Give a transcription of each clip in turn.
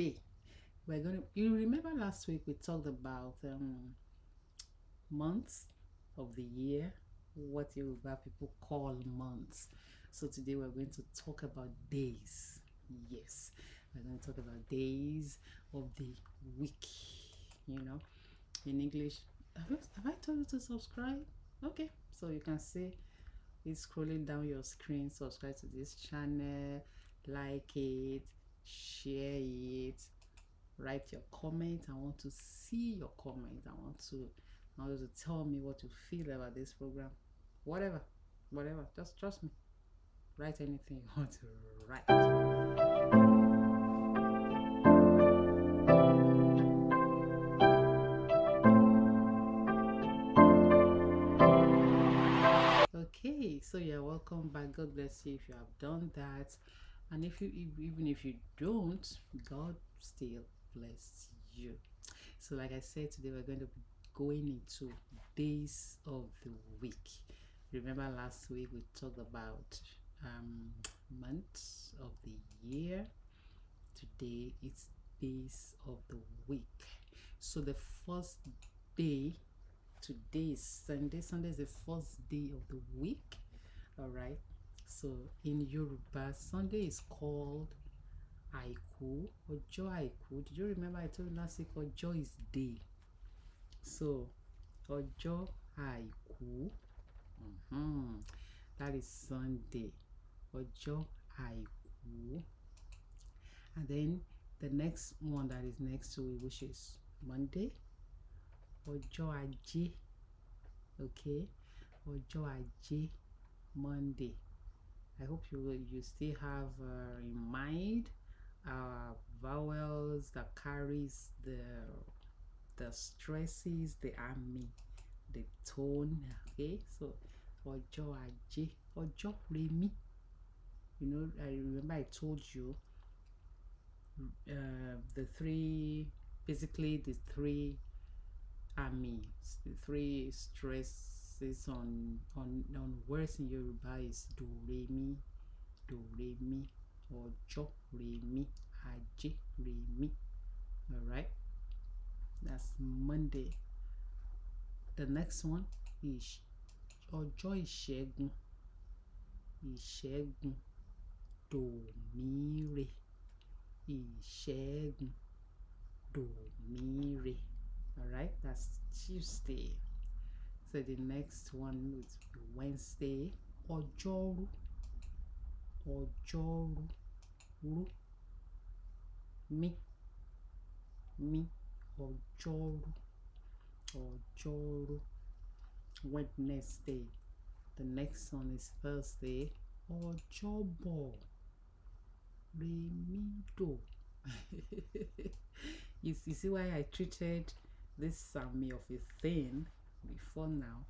today we're going to you remember last week we talked about um, months of the year what Yoruba people call months so today we're going to talk about days yes we're going to talk about days of the week you know in English have I, have I told you to subscribe okay so you can see it's scrolling down your screen subscribe to this channel like it share it write your comment i want to see your comment i want to i want you to tell me what you feel about this program whatever whatever just trust me write anything you want to write okay so you're welcome back god bless you if you have done that and if you even if you don't god still bless you so like i said today we're going to be going into days of the week remember last week we talked about um, months of the year today it's days of the week so the first day today is sunday sunday is the first day of the week all right So in Yoruba, Sunday is called Aiku or Ọjọ́ Aiku. Did you remember I told you last week Ọjọ́ is day? So Ojo Aiku. Mm-hmm. That is Sunday. Ojo Aiku. And then the next one that is next to it, which is Monday. Ojo Ajé. Okay. Ojo Ajé. Monday. I hope you, you still have uh, in mind uh, vowels that carries the the stresses, the army the tone. Okay, so ọjọ́ ajé, ọjọ́ remi. You know, I remember I told you uh, the three, basically the three army the three stress emphasis on on on words in Yoruba is do re mi, do re mi, ojo re mi, aje re mi. All right, that's Monday. The next one is ọjọ́ re, ìṣẹ́gun do mi re. all right that's Tuesday. So the next one would be Wednesday, Ọjọ́rú, Ọjọ́rú, Rú, Mi, Mi, Ọjọ́rú, Ọjọ́rú, Wednesday. The next one is Thursday, Ọjọ́bọ̀, Remido. you, you see why I treated this sami of a thing before now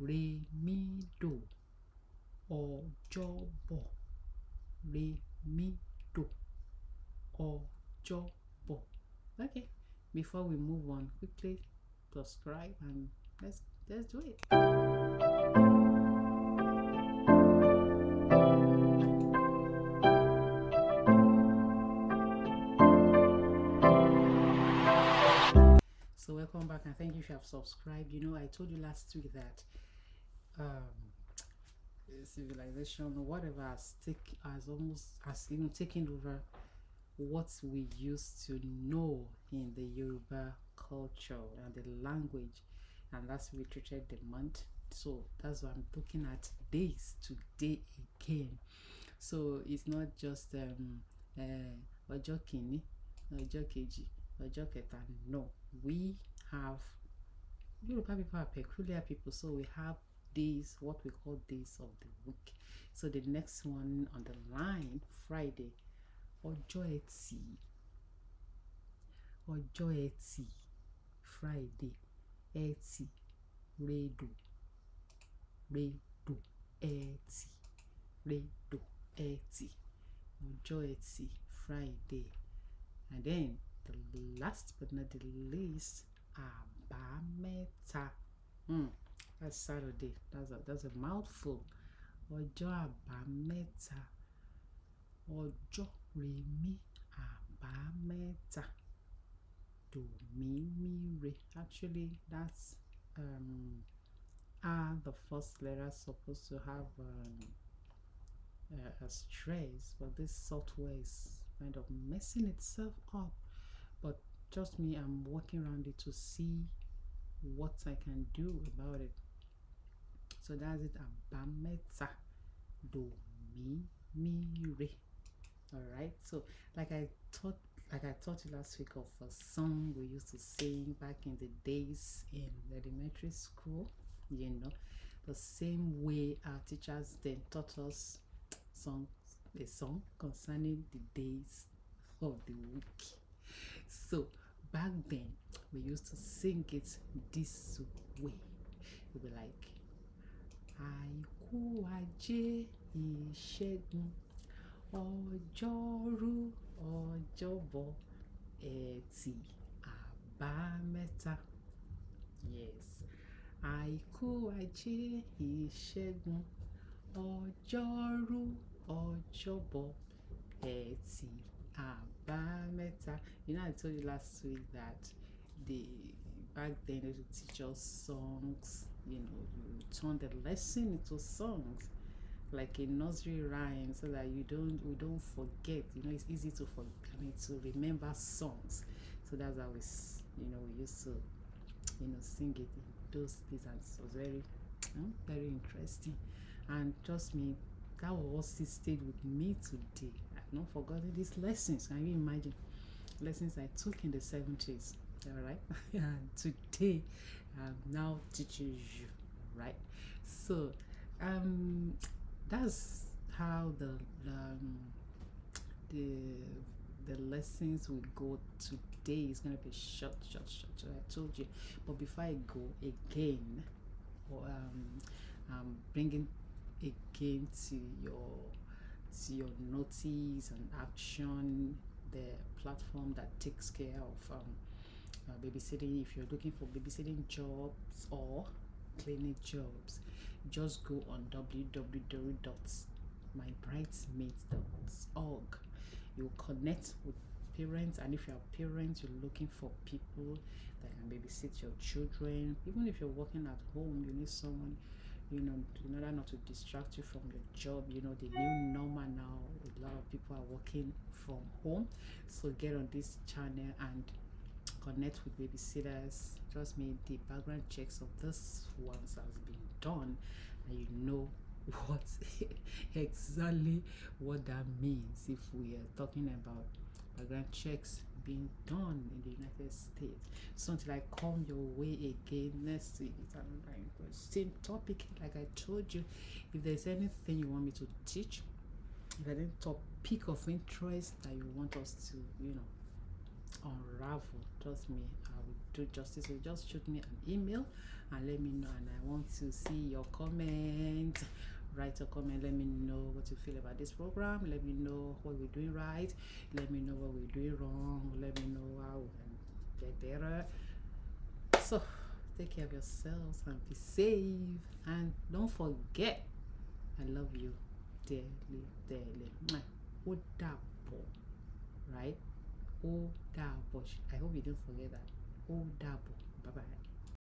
remido ọjọ́bọ̀ remido ọjọ́bọ̀ okay before we move on quickly subscribe and let's let's do it. so welcome back and thank you if you have subscribed you know i told you last week that um civilization whatever has take has almost has you know taken over what we used to know in the Yoruba culture and the language and that's we treated the month so that's why I'm looking at days today again so it's not just um uh ọjọ́ kìíní ọjọ́ kejì ọjọ́ kẹta no we have Yoruba people are peculiar people, so we have days, what we call days of the week. So the next one on the line, Friday, Ọjọ́ Ẹtì, Ọjọ́ Ẹtì, Friday, Ẹtì, Redo, Redo, Ẹtì, Redo, Ẹtì, Ọjọ́ Ẹtì, Friday, and then the last but not the least, Àbámẹ́ta. Mm, that's Saturday. That's a, that's a mouthful. Ọjọ́ Àbámẹ́ta. Ọjọ́ Rèmí Àbámẹ́ta. Domimire. Actually, that's um, ah, the first letter supposed to have um, a, a stress, but this software is kind of messing itself up but just me i'm walking around it to see what i can do about it so that's it abameta do me, me re all right so like i taught like i taught you last week of a song we used to sing back in the days in the elementary school you know the same way our teachers then taught us songs a song concerning the days of the week So back then, we used to sing it this way. It would be like, Àìkú ajé ìṣẹ́gun ọjọ́rú ọjọ́bọ̀ ẹtì àbámẹ́ta. Yes. Àìkú ajé ìṣẹ́gun ọjọ́rú ọjọ́bọ̀ ẹtì àbámẹ́ta. Abameta. You know, I told you last week that the back then they would teach us songs. You know, you turn the lesson into songs, like a nursery rhyme, so that you don't we don't forget. You know, it's easy to forget. I mean, to remember songs. So that's how we, you know, we used to, you know, sing it in those days, and it was very, um, very interesting. And trust me, that was what stayed with me today. not forgotten these lessons. Can you imagine? Lessons I took in the 70s, all right? and today, I'm now teaching you, right? So, um, that's how the, um, the the lessons we go today is going to be short, short, short, short. I told you. But before I go again, or, um, I'm bringing again to your your notice and action, the platform that takes care of um, uh, babysitting. If you're looking for babysitting jobs or clinic jobs, just go on www.mybrightmates.org. You connect with parents, and if you're parents, you're looking for people that can babysit your children. Even if you're working at home, you need someone you know, in order not to distract you from your job. You know, the new normal now, a lot of people are working from home. So get on this channel and connect with babysitters. Trust me, the background checks of this ones has been done and you know what exactly what that means if we are talking about background checks being done in the United States. So until I come your way again next week, it's online. Same topic, like I told you. If there's anything you want me to teach, if any topic of interest that you want us to, you know, unravel, trust me, I will do justice. You just shoot me an email and let me know. And I want to see your comment write a comment let me know what you feel about this program let me know what we're doing right let me know what we're doing wrong let me know how we can get better so take care of yourselves and be safe and don't forget i love you dearly dearly ó dàbọ̀ right Oh double. i hope you didn't forget that Oh double. bye bye